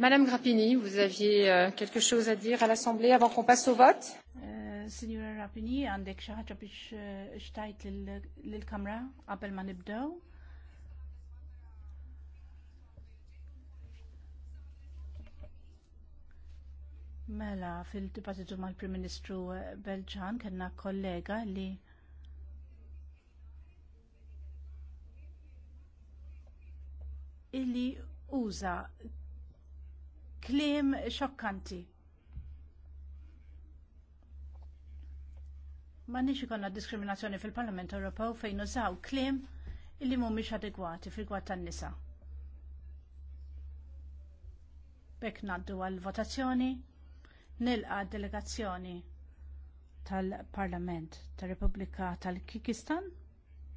Madame Grappini, vous aviez uh, quelque chose à dire à l'Assemblée avant qu'on passe au vote uh, Signora Rapini, għandek xaħġa biex euh, xtajt l-kamra qabel ma nibdew? Mela, fil-dibattitu mal-Prim Ministru euh, Belġan kellna kollega li illi uża kliem xokkanti. Ma nix ikonna diskriminazzjoni fil-Parlament Ewropew fejn użaw kliem illi mhumiex adegwati fil gwatta tan-nisa. Bek naddu għal-votazzjoni nilqa delegazzjoni tal-Parlament tal-Repubblika tal-Kikistan